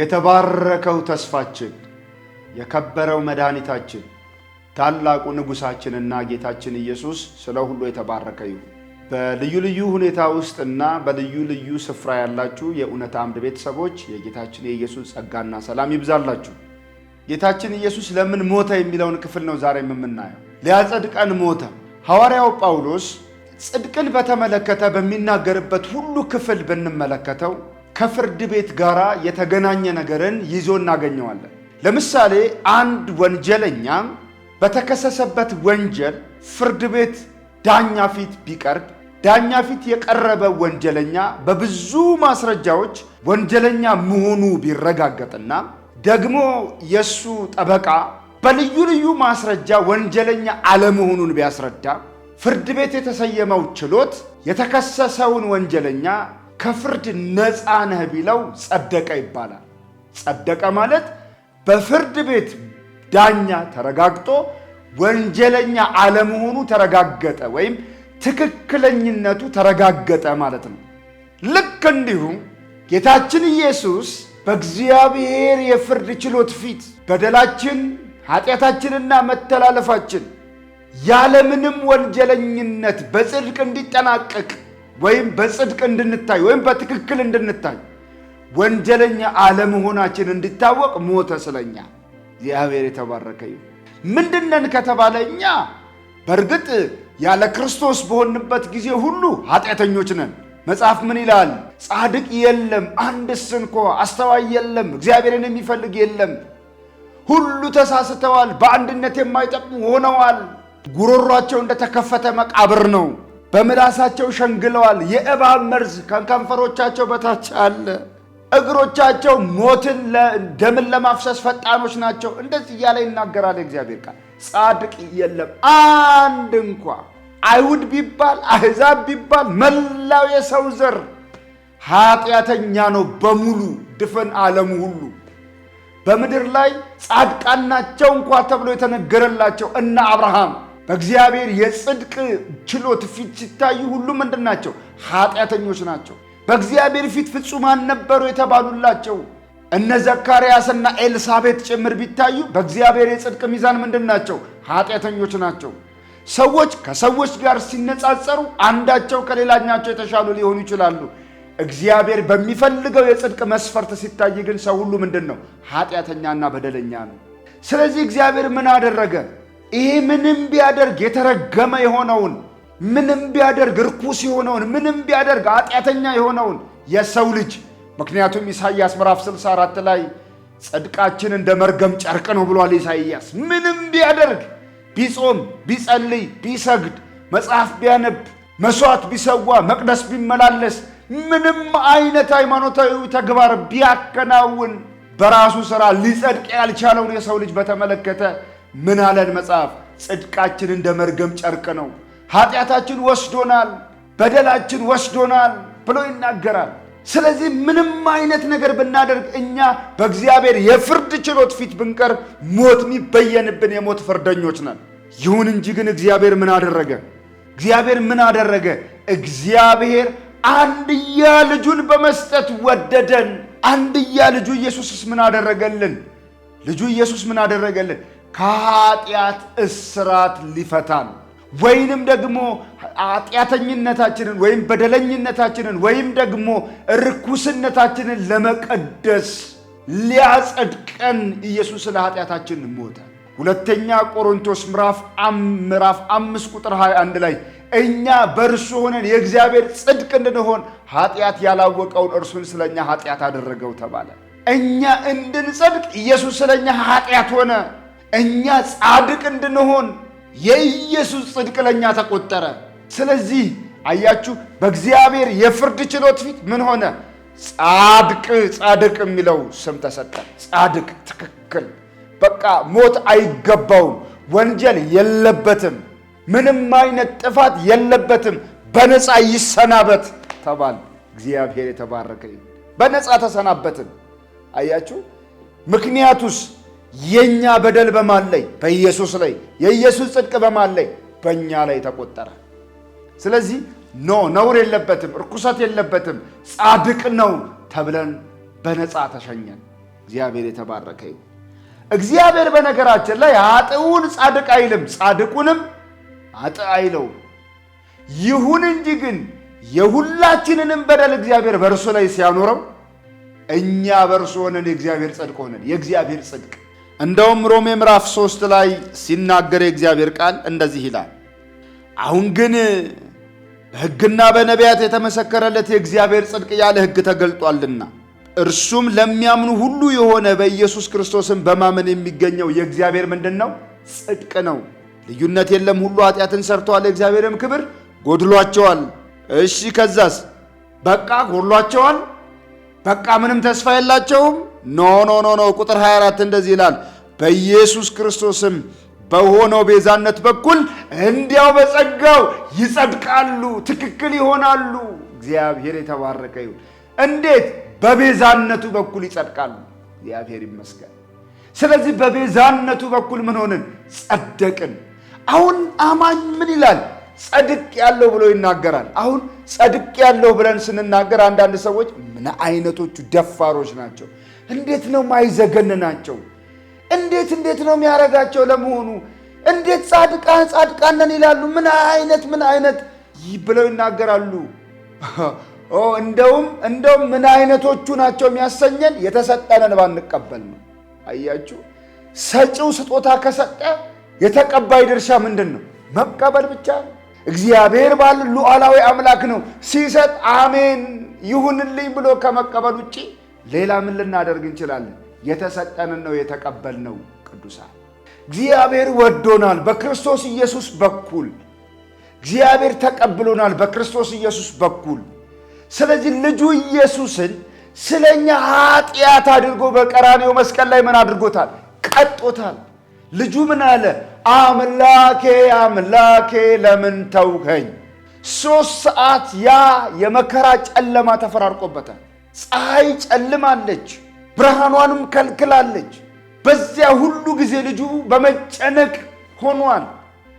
የተባረከው ተስፋችን የከበረው መድኃኒታችን ታላቁ ንጉሣችንና ጌታችን ኢየሱስ ስለ ሁሉ የተባረከ ይሁን። በልዩ ልዩ ሁኔታ ውስጥና በልዩ ልዩ ስፍራ ያላችሁ የእውነት አምድ ቤተሰቦች የጌታችን የኢየሱስ ጸጋና ሰላም ይብዛላችሁ። ጌታችን ኢየሱስ ለምን ሞተ የሚለውን ክፍል ነው ዛሬ የምናየው። ሊያጸድቀን ሞተ። ሐዋርያው ጳውሎስ ጽድቅን በተመለከተ በሚናገርበት ሁሉ ክፍል ብንመለከተው ከፍርድ ቤት ጋራ የተገናኘ ነገርን ይዞ እናገኘዋለን። ለምሳሌ አንድ ወንጀለኛ በተከሰሰበት ወንጀል ፍርድ ቤት ዳኛ ፊት ቢቀርብ ዳኛ ፊት የቀረበ ወንጀለኛ በብዙ ማስረጃዎች ወንጀለኛ መሆኑ ቢረጋገጥና ደግሞ የእሱ ጠበቃ በልዩ ልዩ ማስረጃ ወንጀለኛ አለመሆኑን ቢያስረዳ ፍርድ ቤት የተሰየመው ችሎት የተከሰሰውን ወንጀለኛ ከፍርድ ነፃ ነህ ቢለው ጸደቀ ይባላል። ጸደቀ ማለት በፍርድ ቤት ዳኛ ተረጋግጦ ወንጀለኛ አለመሆኑ ተረጋገጠ ወይም ትክክለኝነቱ ተረጋገጠ ማለት ነው። ልክ እንዲሁ ጌታችን ኢየሱስ በእግዚአብሔር የፍርድ ችሎት ፊት በደላችን፣ ኃጢአታችንና መተላለፋችን ያለምንም ወንጀለኝነት በጽድቅ እንዲጠናቀቅ ወይም በጽድቅ እንድንታይ ወይም በትክክል እንድንታይ ወንጀለኛ አለመሆናችን እንዲታወቅ ሞተ ስለኛ። እግዚአብሔር የተባረከ ይሁን። ምንድነን ከተባለ እኛ በእርግጥ ያለ ክርስቶስ በሆንበት ጊዜ ሁሉ ኃጢአተኞች ነን። መጽሐፍ ምን ይላል? ጻድቅ የለም አንድስ እንኳ፣ አስተዋይ የለም፣ እግዚአብሔርን የሚፈልግ የለም። ሁሉ ተሳስተዋል፣ በአንድነት የማይጠቅሙ ሆነዋል። ጉሮሯቸው እንደተከፈተ መቃብር ነው። በምላሳቸው ሸንግለዋል። የእባብ መርዝ ከከንፈሮቻቸው በታች አለ። እግሮቻቸው ሞትን ደምን ለማፍሰስ ፈጣኖች ናቸው። እንደዚህ እያለ ይናገራል እግዚአብሔር ቃል። ጻድቅ የለም አንድ እንኳ። አይሁድ ቢባል አህዛብ ቢባል መላው የሰው ዘር ኃጢአተኛ ነው በሙሉ ድፍን ዓለሙ ሁሉ በምድር ላይ ጻድቃን ናቸው እንኳ ተብሎ የተነገረላቸው እነ አብርሃም በእግዚአብሔር የጽድቅ ችሎት ፊት ሲታዩ ሁሉ ምንድን ናቸው? ኃጢአተኞች ናቸው። በእግዚአብሔር ፊት ፍጹማን ነበሩ የተባሉላቸው እነ ዘካርያስና ኤልሳቤት ጭምር ቢታዩ በእግዚአብሔር የጽድቅ ሚዛን ምንድን ናቸው? ኃጢአተኞች ናቸው። ሰዎች ከሰዎች ጋር ሲነጻጸሩ አንዳቸው ከሌላኛቸው የተሻሉ ሊሆኑ ይችላሉ። እግዚአብሔር በሚፈልገው የጽድቅ መስፈርት ሲታይ ግን ሰው ሁሉ ምንድን ነው? ኃጢአተኛና በደለኛ ነው። ስለዚህ እግዚአብሔር ምን አደረገ? ይሄ ምንም ቢያደርግ የተረገመ የሆነውን ምንም ቢያደርግ ርኩስ የሆነውን ምንም ቢያደርግ ኃጢአተኛ የሆነውን የሰው ልጅ ምክንያቱም ኢሳይያስ ምዕራፍ 64 ላይ ጽድቃችን እንደ መርገም ጨርቅ ነው ብሏል። ኢሳይያስ ምንም ቢያደርግ ቢጾም፣ ቢጸልይ፣ ቢሰግድ፣ መጽሐፍ ቢያነብ፣ መሥዋዕት ቢሰዋ፣ መቅደስ ቢመላለስ፣ ምንም አይነት ሃይማኖታዊ ተግባር ቢያከናውን በራሱ ሥራ ሊጸድቅ ያልቻለውን የሰው ልጅ በተመለከተ ምን አለን መጽሐፍ? ጽድቃችን እንደ መርገም ጨርቅ ነው ኃጢአታችን ወስዶናል፣ በደላችን ወስዶናል ብሎ ይናገራል። ስለዚህ ምንም አይነት ነገር ብናደርግ እኛ በእግዚአብሔር የፍርድ ችሎት ፊት ብንቀርብ ሞት የሚበየንብን የሞት ፍርደኞች ነን። ይሁን እንጂ ግን እግዚአብሔር ምን አደረገ? እግዚአብሔር ምን አደረገ? እግዚአብሔር አንድያ ልጁን በመስጠት ወደደን። አንድያ ልጁ ኢየሱስስ ምን አደረገልን? ልጁ ኢየሱስ ምን አደረገልን? ከኃጢአት እስራት ሊፈታን ወይንም ደግሞ ኃጢአተኝነታችንን ወይም በደለኝነታችንን ወይም ደግሞ ርኩስነታችንን ለመቀደስ ሊያጸድቀን ኢየሱስ ስለ ኃጢአታችን ሞተ። ሁለተኛ ቆሮንቶስ ምዕራፍ አምስት ቁጥር 21 ላይ እኛ በእርሱ ሆነን የእግዚአብሔር ጽድቅ እንድንሆን ኃጢአት ያላወቀውን እርሱን ስለ እኛ ኃጢአት አደረገው ተባለ። እኛ እንድንጸድቅ ኢየሱስ ስለ እኛ ኃጢአት ሆነ። እኛ ጻድቅ እንድንሆን የኢየሱስ ጽድቅ ለእኛ ተቆጠረ። ስለዚህ አያችሁ፣ በእግዚአብሔር የፍርድ ችሎት ፊት ምን ሆነ? ጻድቅ ጻድቅ የሚለው ስም ተሰጠ። ጻድቅ ትክክል፣ በቃ ሞት አይገባውም፣ ወንጀል የለበትም፣ ምንም አይነት ጥፋት የለበትም፣ በነፃ ይሰናበት ተባል። እግዚአብሔር የተባረከ በነፃ ተሰናበትን። አያችሁ ምክንያቱስ የኛ በደል በማን ላይ? በኢየሱስ ላይ። የኢየሱስ ጽድቅ በማን ላይ? በእኛ ላይ ተቆጠረ። ስለዚህ ኖ ነውር የለበትም፣ እርኩሰት የለበትም፣ ጻድቅ ነው ተብለን በነፃ ተሸኘን። እግዚአብሔር የተባረከ ይሁን። እግዚአብሔር በነገራችን ላይ አጥውን ጻድቅ አይልም፣ ጻድቁንም አጥ አይለውም። ይሁን እንጂ ግን የሁላችንንም በደል እግዚአብሔር በእርሱ ላይ ሲያኖረው እኛ በእርሱ ሆነን የእግዚአብሔር ጽድቅ ሆነን የእግዚአብሔር ጽድቅ እንደውም ሮሜ ምዕራፍ ሶስት ላይ ሲናገር የእግዚአብሔር ቃል እንደዚህ ይላል፣ አሁን ግን በሕግና በነቢያት የተመሰከረለት የእግዚአብሔር ጽድቅ ያለ ሕግ ተገልጧልና እርሱም ለሚያምኑ ሁሉ የሆነ በኢየሱስ ክርስቶስን በማመን የሚገኘው የእግዚአብሔር ምንድን ነው? ጽድቅ ነው። ልዩነት የለም። ሁሉ ኃጢአትን ሰርተዋል፣ የእግዚአብሔርም ክብር ጎድሏቸዋል። እሺ፣ ከዛስ? በቃ ጎድሏቸዋል፣ በቃ ምንም ተስፋ የላቸውም። ኖ ኖ ኖ ኖ። ቁጥር 24 እንደዚህ ይላል በኢየሱስ ክርስቶስም በሆነው ቤዛነት በኩል እንዲያው በጸጋው ይጸድቃሉ፣ ትክክል ይሆናሉ። እግዚአብሔር የተባረከ ይሁን። እንዴት? በቤዛነቱ በኩል ይጸድቃሉ። እግዚአብሔር ይመስገን። ስለዚህ በቤዛነቱ በኩል ምን ሆንን? ጸደቅን። አሁን አማኝ ምን ይላል? ጸድቅ ያለው ብሎ ይናገራል። አሁን ጸድቅ ያለው ብለን ስንናገር አንዳንድ ሰዎች ምን አይነቶቹ ደፋሮች ናቸው! እንዴት ነው ማይዘገንናቸው? እንዴት እንዴት ነው የሚያደርጋቸው? ለመሆኑ እንዴት ጻድቃን ጻድቃን ነን ይላሉ? ምን አይነት ምን አይነት ብለው ይናገራሉ? እንደውም እንደውም ምን አይነቶቹ ናቸው የሚያሰኘን የተሰጠንን ባንቀበል ነው። አያችሁ፣ ሰጪው ስጦታ ከሰጠ የተቀባይ ድርሻ ምንድን ነው? መቀበል ብቻ ነው። እግዚአብሔር ባል ሉዓላዊ አምላክ ነው። ሲሰጥ አሜን ይሁንልኝ ብሎ ከመቀበል ውጭ ሌላ ምን ልናደርግ እንችላለን? የተሰጠንን ነው የተቀበልነው። ቅዱሳን እግዚአብሔር ወዶናል በክርስቶስ ኢየሱስ በኩል እግዚአብሔር ተቀብሎናል በክርስቶስ ኢየሱስ በኩል። ስለዚህ ልጁ ኢየሱስን ስለ እኛ ኃጢአት አድርጎ በቀራኔው መስቀል ላይ ምን አድርጎታል? ቀጦታል። ልጁ ምን አለ? አምላኬ አምላኬ ለምን ተውከኝ? ሦስት ሰዓት ያ የመከራ ጨለማ ተፈራርቆበታል። ፀሐይ ጨልማለች። ብርሃኗንም ከልክላለች። በዚያ ሁሉ ጊዜ ልጁ በመጨነቅ ሆኗል።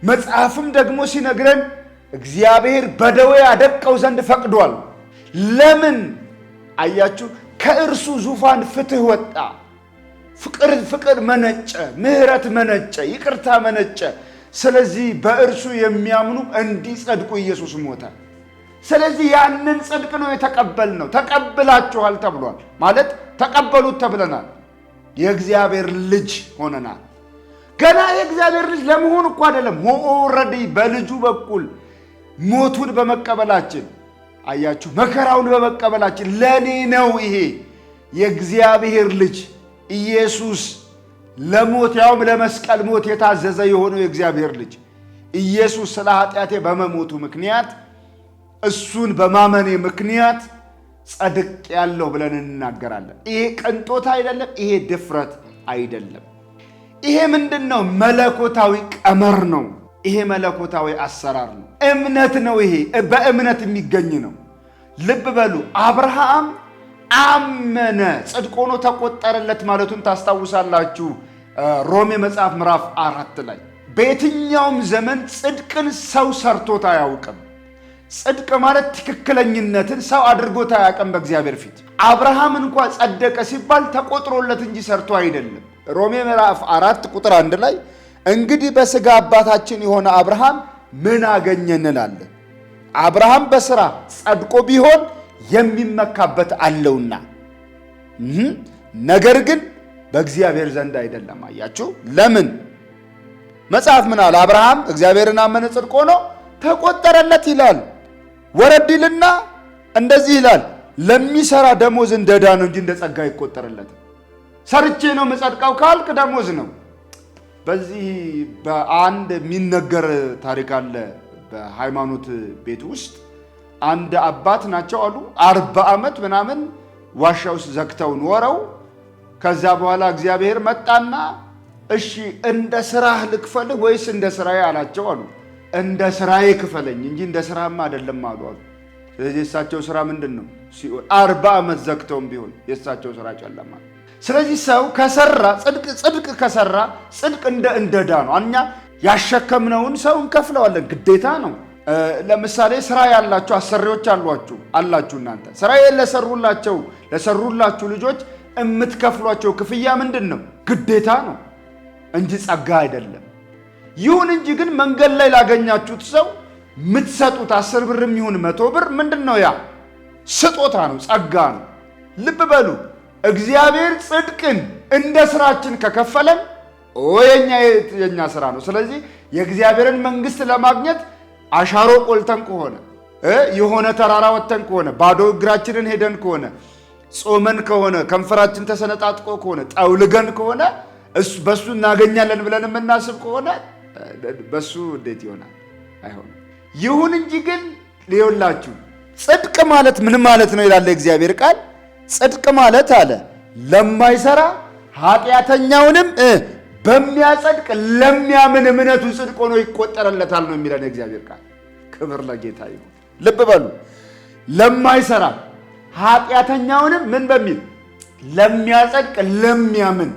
መጽሐፍም ደግሞ ሲነግረን እግዚአብሔር በደዌ ያደቀው ዘንድ ፈቅዷል። ለምን አያችሁ? ከእርሱ ዙፋን ፍትህ ወጣ። ፍቅር ፍቅር መነጨ፣ ምህረት መነጨ፣ ይቅርታ መነጨ። ስለዚህ በእርሱ የሚያምኑ እንዲጸድቁ ኢየሱስ ሞተ። ስለዚህ ያንን ጽድቅ ነው የተቀበልነው። ተቀብላችኋል ተብሏል። ማለት ተቀበሉት ተብለናል። የእግዚአብሔር ልጅ ሆነናል። ገና የእግዚአብሔር ልጅ ለመሆን እኮ አይደለም፣ ኦልሬዲ በልጁ በኩል ሞቱን በመቀበላችን አያችሁ፣ መከራውን በመቀበላችን ለእኔ ነው ይሄ የእግዚአብሔር ልጅ ኢየሱስ ለሞት ያውም ለመስቀል ሞት የታዘዘ የሆነው የእግዚአብሔር ልጅ ኢየሱስ ስለ ኃጢአቴ በመሞቱ ምክንያት እሱን በማመኔ ምክንያት ጸድቅ ያለው ብለን እንናገራለን። ይሄ ቅንጦት አይደለም። ይሄ ድፍረት አይደለም። ይሄ ምንድን ነው? መለኮታዊ ቀመር ነው። ይሄ መለኮታዊ አሰራር ነው። እምነት ነው። ይሄ በእምነት የሚገኝ ነው። ልብ በሉ። አብርሃም አመነ ጽድቅ ሆኖ ተቆጠረለት ማለቱን ታስታውሳላችሁ። ሮሜ መጽሐፍ ምዕራፍ አራት ላይ በየትኛውም ዘመን ጽድቅን ሰው ሰርቶት አያውቅም። ጽድቅ ማለት ትክክለኝነትን ሰው አድርጎት አያውቅም በእግዚአብሔር ፊት። አብርሃም እንኳ ጸደቀ ሲባል ተቆጥሮለት እንጂ ሰርቶ አይደለም። ሮሜ ምዕራፍ አራት ቁጥር አንድ ላይ እንግዲህ በሥጋ አባታችን የሆነ አብርሃም ምን አገኘ እንላለን። አብርሃም በሥራ ጸድቆ ቢሆን የሚመካበት አለውና፣ ነገር ግን በእግዚአብሔር ዘንድ አይደለም። አያችሁ ለምን? መጽሐፍ ምን አለ? አብርሃም እግዚአብሔርን አመነ፣ ጽድቆ ነው ተቆጠረለት ይላል። ወረዲልና እንደዚህ ይላል፣ ለሚሰራ ደሞዝ እንደ ዕዳ ነው እንጂ እንደ ጸጋ ይቆጠርለት። ሰርቼ ነው መጸድቀው ካልክ ደሞዝ ነው። በዚህ በአንድ የሚነገር ታሪክ አለ። በሃይማኖት ቤት ውስጥ አንድ አባት ናቸው አሉ አርባ ዓመት ምናምን ዋሻ ውስጥ ዘግተው ኖረው ከዛ በኋላ እግዚአብሔር መጣና እሺ እንደ ስራህ ልክፈልህ ወይስ እንደ ስራዬ አላቸው አሉ። እንደ ስራዬ ክፈለኝ እንጂ እንደ ስራማ አይደለም አሉ አሉ። ስለዚህ የእሳቸው ስራ ምንድን ነው? ሲኦል አርባ ዓመት ዘግተውም ቢሆን የእሳቸው ስራ ጨለማ። ስለዚህ ሰው ከሰራ ጽድቅ ጽድቅ ከሰራ ጽድቅ እንደ እንደዳ ነው። እኛ ያሸከምነውን ሰው እንከፍለዋለን፣ ግዴታ ነው። ለምሳሌ ስራ ያላችሁ አሰሪዎች አሏችሁ አላችሁ እናንተ ስራ ለሰሩላቸው ለሰሩላችሁ ልጆች የምትከፍሏቸው ክፍያ ምንድን ነው? ግዴታ ነው እንጂ ጸጋ አይደለም። ይሁን እንጂ ግን መንገድ ላይ ላገኛችሁት ሰው የምትሰጡት አስር ብርም ይሁን መቶ ብር ምንድን ነው? ያ ስጦታ ነው፣ ጸጋ ነው። ልብ በሉ እግዚአብሔር ጽድቅን እንደ ስራችን ከከፈለን ኦ የኛ የኛ ስራ ነው። ስለዚህ የእግዚአብሔርን መንግስት ለማግኘት አሻሮ ቆልተን ከሆነ የሆነ ተራራ ወጥተን ከሆነ ባዶ እግራችንን ሄደን ከሆነ ጾመን ከሆነ ከንፈራችን ተሰነጣጥቆ ከሆነ ጠውልገን ከሆነ በእሱ እናገኛለን ብለን የምናስብ ከሆነ በሱ እንዴት ይሆናል? አይሆንም። ይሁን እንጂ ግን ሊሆንላችሁ ጽድቅ ማለት ምን ማለት ነው ይላል እግዚአብሔር ቃል። ጽድቅ ማለት አለ ለማይሰራ ኃጢአተኛውንም በሚያጸድቅ ለሚያምን እምነቱ ጽድቅ ሆኖ ይቆጠርለታል ነው የሚለን እግዚአብሔር ቃል። ክብር ለጌታ ይሁን። ልብ በሉ ለማይሰራ ኃጢአተኛውንም ምን በሚል ለሚያጸድቅ ለሚያምን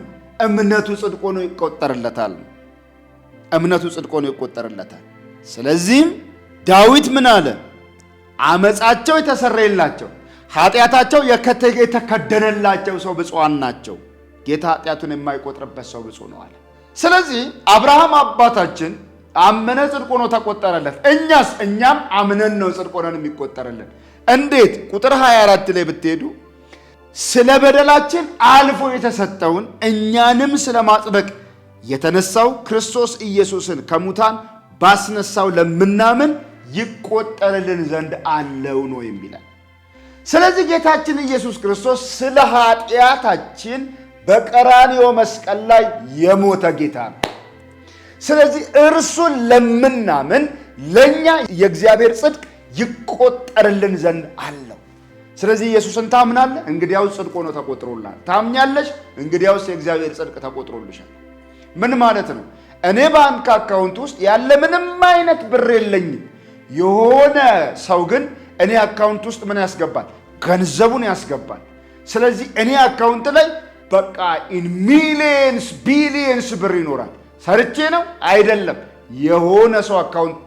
እምነቱ ጽድቅ ሆኖ ይቆጠርለታል ነው እምነቱ ጽድቆ ነው ይቆጠርለታል። ስለዚህም ዳዊት ምን አለ? አመፃቸው የተሰረየላቸው ኃጢአታቸው የተከደነላቸው ሰው ብፁዓን ናቸው። ጌታ ኃጢአቱን የማይቆጥርበት ሰው ብፁዕ ነው አለ። ስለዚህ አብርሃም አባታችን አመነ ጽድቆ ነው ተቆጠረለት። እኛስ እኛም አምነን ነው ጽድቆ ነን የሚቆጠርልን። እንዴት? ቁጥር 24 ላይ ብትሄዱ ስለ በደላችን አልፎ የተሰጠውን እኛንም ስለማጽደቅ የተነሳው ክርስቶስ ኢየሱስን ከሙታን ባስነሳው ለምናምን ይቆጠርልን ዘንድ አለው ነው የሚለን። ስለዚህ ጌታችን ኢየሱስ ክርስቶስ ስለ ኃጢአታችን በቀራንዮ መስቀል ላይ የሞተ ጌታ ነው። ስለዚህ እርሱን ለምናምን ለእኛ የእግዚአብሔር ጽድቅ ይቆጠርልን ዘንድ አለው። ስለዚህ ኢየሱስን ታምናለህ? እንግዲያውስ ጽድቅ ሆኖ ተቆጥሮላል። ታምኛለሽ? እንግዲያውስ የእግዚአብሔር ጽድቅ ተቆጥሮልሻል። ምን ማለት ነው? እኔ ባንክ አካውንት ውስጥ ያለ ምንም አይነት ብር የለኝም። የሆነ ሰው ግን እኔ አካውንት ውስጥ ምን ያስገባል? ገንዘቡን ያስገባል። ስለዚህ እኔ አካውንት ላይ በቃ ኢን ሚሊየንስ ቢሊየንስ ብር ይኖራል። ሰርቼ ነው አይደለም፣ የሆነ ሰው አካውንት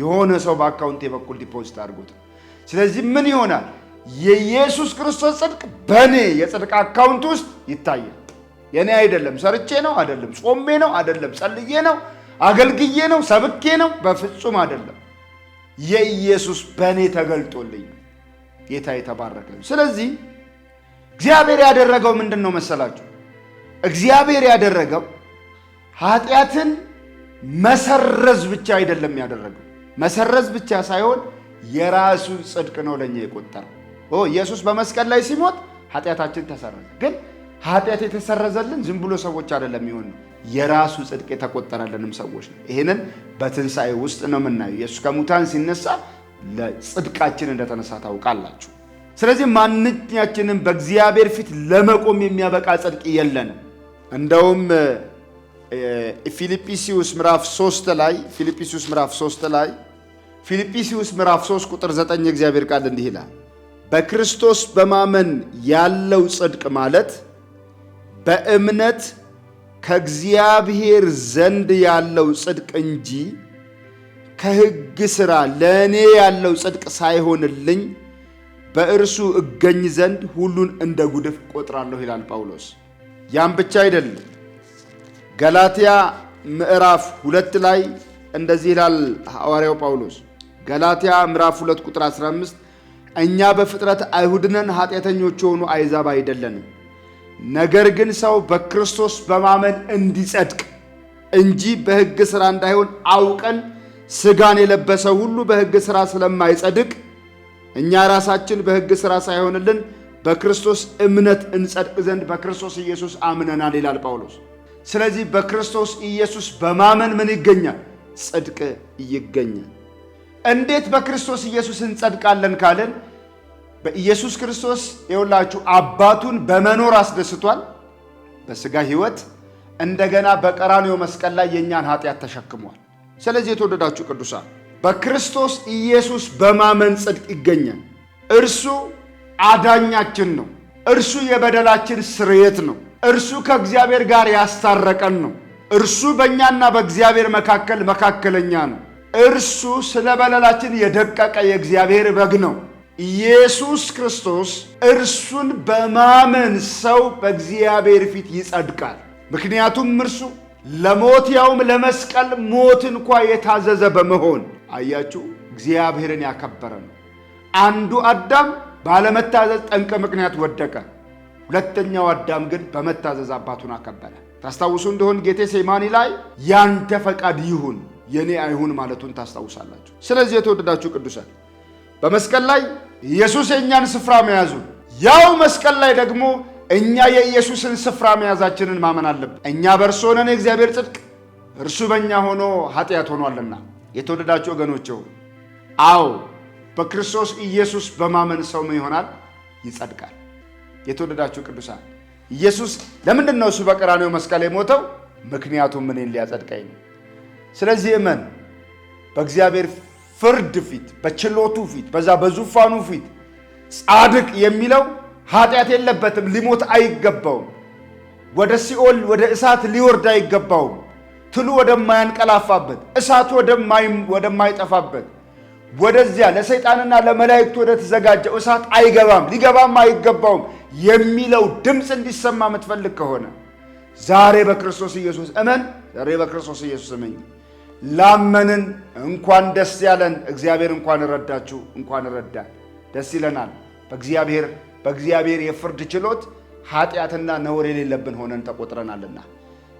የሆነ ሰው በአካውንት በኩል ዲፖዚት አድርጎት። ስለዚህ ምን ይሆናል? የኢየሱስ ክርስቶስ ጽድቅ በእኔ የጽድቅ አካውንት ውስጥ ይታያል። የኔ አይደለም። ሰርቼ ነው አይደለም። ጾሜ ነው አይደለም። ጸልዬ ነው አገልግዬ ነው ሰብኬ ነው በፍጹም አይደለም። የኢየሱስ በእኔ ተገልጦልኝ ጌታ የተባረከ። ስለዚህ እግዚአብሔር ያደረገው ምንድን ነው መሰላችሁ? እግዚአብሔር ያደረገው ኃጢአትን መሰረዝ ብቻ አይደለም ያደረገው። መሰረዝ ብቻ ሳይሆን የራሱ ጽድቅ ነው ለእኛ የቆጠረው። ኢየሱስ በመስቀል ላይ ሲሞት ኃጢአታችን ተሰረዘ ግን ኃጢአት የተሰረዘልን ዝም ብሎ ሰዎች አይደለም ይሆን የራሱ ጽድቅ የተቆጠረልንም ሰዎች ነው። ይህንን በትንሣኤ ውስጥ ነው የምናየው። ኢየሱስ ከሙታን ሲነሳ ለጽድቃችን እንደተነሳ ታውቃላችሁ። ስለዚህ ማንኛችንም በእግዚአብሔር ፊት ለመቆም የሚያበቃ ጽድቅ የለንም። እንደውም ፊልጵስዩስ ምዕራፍ 3 ላይ ፊልጵስዩስ ምዕራፍ 3 ላይ ፊልጵስዩስ ምዕራፍ 3 ቁጥር 9 የእግዚአብሔር ቃል እንዲህ ይላል፣ በክርስቶስ በማመን ያለው ጽድቅ ማለት በእምነት ከእግዚአብሔር ዘንድ ያለው ጽድቅ እንጂ ከሕግ ሥራ ለእኔ ያለው ጽድቅ ሳይሆንልኝ በእርሱ እገኝ ዘንድ ሁሉን እንደ ጉድፍ ቆጥራለሁ ይላል ጳውሎስ። ያም ብቻ አይደለም። ገላትያ ምዕራፍ ሁለት ላይ እንደዚህ ይላል ሐዋርያው ጳውሎስ። ገላትያ ምዕራፍ ሁለት ቁጥር 15 እኛ በፍጥረት አይሁድ ነን፣ ኃጢአተኞች የሆኑ አይዛብ አይደለንም ነገር ግን ሰው በክርስቶስ በማመን እንዲጸድቅ እንጂ በሕግ ሥራ እንዳይሆን አውቀን ሥጋን የለበሰ ሁሉ በሕግ ሥራ ስለማይጸድቅ እኛ ራሳችን በሕግ ሥራ ሳይሆንልን በክርስቶስ እምነት እንጸድቅ ዘንድ በክርስቶስ ኢየሱስ አምነናል ይላል ጳውሎስ። ስለዚህ በክርስቶስ ኢየሱስ በማመን ምን ይገኛል? ጽድቅ ይገኛል። እንዴት በክርስቶስ ኢየሱስ እንጸድቃለን ካለን በኢየሱስ ክርስቶስ የወላችሁ አባቱን በመኖር አስደስቷል በስጋ ሕይወት እንደገና በቀራንዮ መስቀል ላይ የእኛን ኃጢአት ተሸክሟል። ስለዚህ የተወደዳችሁ ቅዱሳን በክርስቶስ ኢየሱስ በማመን ጽድቅ ይገኛል። እርሱ አዳኛችን ነው። እርሱ የበደላችን ስርየት ነው። እርሱ ከእግዚአብሔር ጋር ያስታረቀን ነው። እርሱ በእኛና በእግዚአብሔር መካከል መካከለኛ ነው። እርሱ ስለ በደላችን የደቀቀ የእግዚአብሔር በግ ነው። ኢየሱስ ክርስቶስ እርሱን በማመን ሰው በእግዚአብሔር ፊት ይጸድቃል። ምክንያቱም እርሱ ለሞት ያውም ለመስቀል ሞት እንኳ የታዘዘ በመሆን አያችሁ፣ እግዚአብሔርን ያከበረ ነው። አንዱ አዳም ባለመታዘዝ ጠንቅ ምክንያት ወደቀ። ሁለተኛው አዳም ግን በመታዘዝ አባቱን አከበረ። ታስታውሱ እንደሆን ጌቴ ሴማኒ ላይ ያንተ ፈቃድ ይሁን የኔ አይሁን ማለቱን ታስታውሳላችሁ። ስለዚህ የተወደዳችሁ ቅዱሳን በመስቀል ላይ ኢየሱስ የእኛን ስፍራ መያዙን ያው መስቀል ላይ ደግሞ እኛ የኢየሱስን ስፍራ መያዛችንን ማመን አለብን። እኛ በእርሱ ሆነን የእግዚአብሔር ጽድቅ፣ እርሱ በእኛ ሆኖ ኃጢአት ሆኗልና። የተወደዳችሁ ወገኖቼ ሆይ አዎ በክርስቶስ ኢየሱስ በማመን ሰው ምን ይሆናል? ይጸድቃል። የተወደዳችሁ ቅዱሳን ኢየሱስ ለምንድን ነው እሱ በቀራንዮው መስቀል የሞተው? ምክንያቱም እኔን ሊያጸድቀኝ ነው። ስለዚህ እመን በእግዚአብሔር ፍርድ ፊት፣ በችሎቱ ፊት፣ በዛ በዙፋኑ ፊት ጻድቅ የሚለው ኃጢአት የለበትም፣ ሊሞት አይገባውም፣ ወደ ሲኦል ወደ እሳት ሊወርድ አይገባውም፣ ትሉ ወደማያንቀላፋበት እሳቱ ወደማይጠፋበት ወደዚያ ለሰይጣንና ለመላእክቱ ወደ ተዘጋጀው እሳት አይገባም፣ ሊገባም አይገባውም የሚለው ድምፅ እንዲሰማ የምትፈልግ ከሆነ ዛሬ በክርስቶስ ኢየሱስ እመን። ዛሬ በክርስቶስ ኢየሱስ እመኝ። ላመንን እንኳን ደስ ያለን። እግዚአብሔር እንኳን እረዳችሁ፣ እንኳን ረዳ፣ ደስ ይለናል በእግዚአብሔር በእግዚአብሔር የፍርድ ችሎት ኃጢአትና ነውር የሌለብን ሆነን ተቆጥረናልና።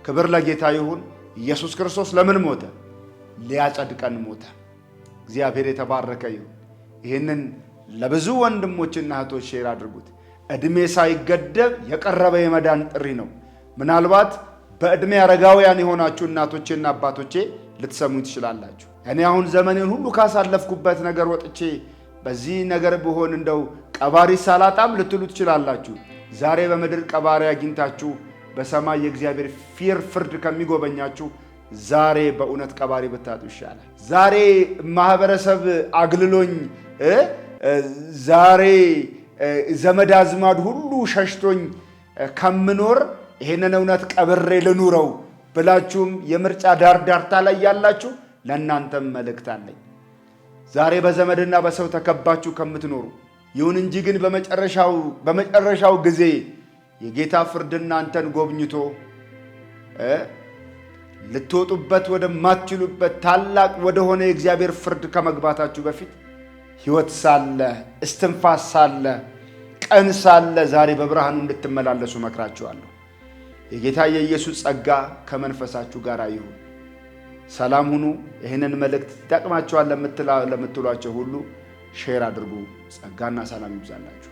ክብር ለጌታ ይሁን። ኢየሱስ ክርስቶስ ለምን ሞተ? ሊያጸድቀን ሞተ። እግዚአብሔር የተባረከ ይሁን። ይህንን ለብዙ ወንድሞችና እህቶች ሼር አድርጉት። ዕድሜ ሳይገደብ የቀረበ የመዳን ጥሪ ነው። ምናልባት በዕድሜ አረጋውያን የሆናችሁ እናቶቼና አባቶቼ ልትሰሙኝ ትችላላችሁ። እኔ አሁን ዘመኔን ሁሉ ካሳለፍኩበት ነገር ወጥቼ በዚህ ነገር ብሆን እንደው ቀባሪ ሳላጣም ልትሉ ትችላላችሁ። ዛሬ በምድር ቀባሪ አግኝታችሁ በሰማይ የእግዚአብሔር ፊር ፍርድ ከሚጎበኛችሁ ዛሬ በእውነት ቀባሪ ብታጡ ይሻላል። ዛሬ ማህበረሰብ አግልሎኝ፣ ዛሬ ዘመድ አዝማድ ሁሉ ሸሽቶኝ ከምኖር ይህንን እውነት ቀብሬ ልኑረው ብላችሁም የምርጫ ዳር ዳርታ ላይ ያላችሁ ለእናንተም መልእክት አለኝ። ዛሬ በዘመድና በሰው ተከባችሁ ከምትኖሩ ይሁን እንጂ ግን በመጨረሻው ጊዜ የጌታ ፍርድ እናንተን ጎብኝቶ ልትወጡበት ወደማትችሉበት ታላቅ ወደሆነ የእግዚአብሔር ፍርድ ከመግባታችሁ በፊት ሕይወት ሳለ እስትንፋስ ሳለ ቀን ሳለ ዛሬ በብርሃኑ እንድትመላለሱ መክራችኋለሁ። የጌታ የኢየሱስ ጸጋ ከመንፈሳችሁ ጋር ይሁን። ሰላም ሁኑ። ይህንን መልእክት ይጠቅማችኋል ለምትሏቸው ሁሉ ሼር አድርጉ። ጸጋና ሰላም ይብዛላችሁ።